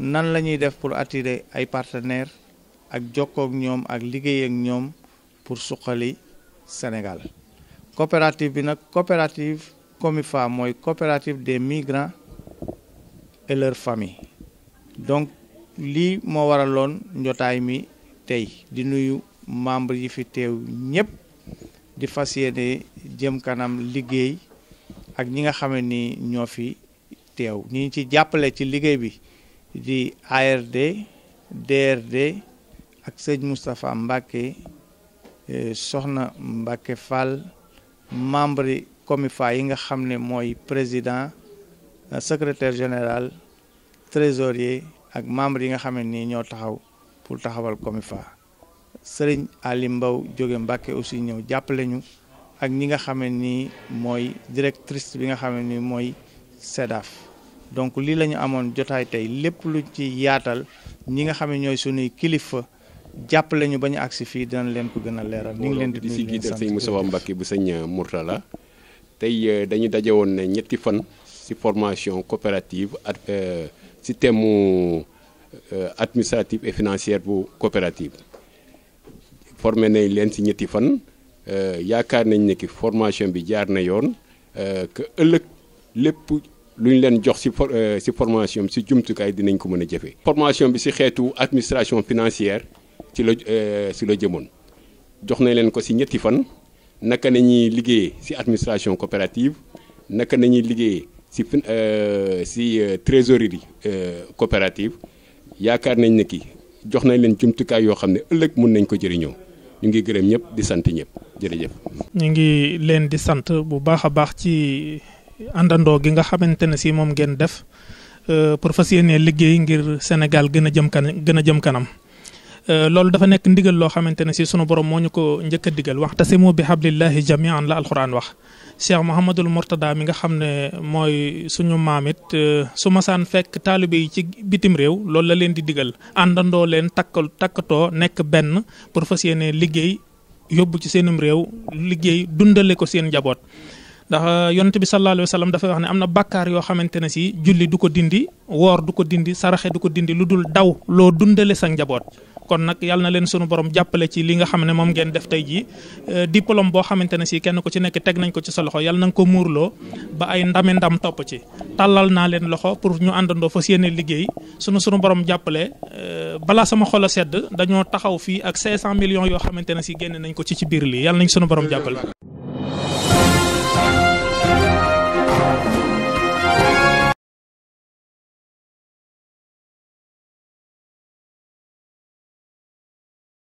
nan la ñuy def pour attirer ay partenaires ak jokkook ñoom ak liggéey ak ñoom pour suqali Sénégal coopérative bi nag coopérative COMIFA mooy coopérative des migrants et leurs donc lii moo waraloon njotaay mi tey di nuyu membres yi fi teew ñëpp di fas yéene jëm kanam liggéey ak ñi nga xam ni ñoo fi teew ñi ci jàppale ci liggéey bi. di ARD DRD ak sëñ Moustapha Mbacke eh, soxna Mbacke Fall membre COMIFA yi nga xam ne mooy président euh, secretaire général trésorier ak membre yi nga xam ne nii ñoo taxaw pour taxawal COMIFA sëriñ Ali Mbaw jóge Mbacke aussi ñëw jàppale ñu ak ñi nga xam ne nii mooy directrice bi nga xam ni mooy SEDAF. donc lii la ñu amoon jotaay tey lépp lu ci yaatal ñi nga xam ne ñooy sunuy kilifa jàpp ñu ba ñu agsi fii dinañ leen ko gën a leeral. ñu ngi leen di nuyu si jiital sëñ Moustapha Mbacké bu sëñ euh, Mourtala tey euh, dañu daje woon ne ñetti fan si formation coopérative ak euh, si thème mu administrative et financière bu coopérative formé nañ leen si ñetti fan yaakaar nañ ne ki formation bi jaar na yoon que ëllëg lépp. lu ñu leen jox ci euh, ci formation ci jumtukaay dinañ ko mën a jëfee. formation bi ci xeetu administration financière ci la euh, ci la jëmoon jox nañ leen ko ci ñetti fan naka nañuy liggéeye ci administration coopérative naka nañuy liggéey ci euh, ci trésorerie coopérative yaakaar nañ ne ki jox nañ leen jumtukaay yoo xam ne ëllëg mun nañ ko jëriñoo. ñu ngi gërëm ñëpp di sant ñëpp jërëjëf. ñu ngi leen di sant bu baax a baax ci àndandoo gi nga xamante ne si moom ngeen def euh, pour fas yéenee liggéey ngir Sénégal gën a jëm kan gën a jëm kanam. Euh, loolu dafa nekk ndigal loo xamante ne si sunu borom moo ñu ko njëkk a digal waxtasimu bi hablillahi jamian la alquran wax Cheikh Mouhamadul Mourtada mi nga xam ne mooy suñu maam it euh, su masaan fekk taalibe yi ci bitim réew loolu la leen di digal àndandoo leen takk takkatoo nekk benn pour fas yéene liggéey yóbbu ci seenum réew liggéey dundale ko seen njaboot. ndax euh, yonent bi sallallahu alayhi wa dafay wax ne am na bàkkaar yoo xamante ne si julli du ko dindi woor du ko dindi saraxe du ko dindi lu dul daw loo dundale sa njaboot kon nag yàlla na leen sunu borom jàppale ci li nga xam ne moom ngeen def tey jii euh, diplôme boo xamante ne si kenn ko ci nekk teg nañ ko ci sa loxo yal na nga ko muurloo ba ay ndame ndam topp ci tàllal naa leen loxo pour ñu àndandoo fas yéene liggéey sunu sunu borom jàppale euh, balaa sama xol sedd dañoo taxaw fii ak 500 millions yoo xamante ne si génne nañ ko ci ci biir lii yàlla nañ sunu borom jàppale.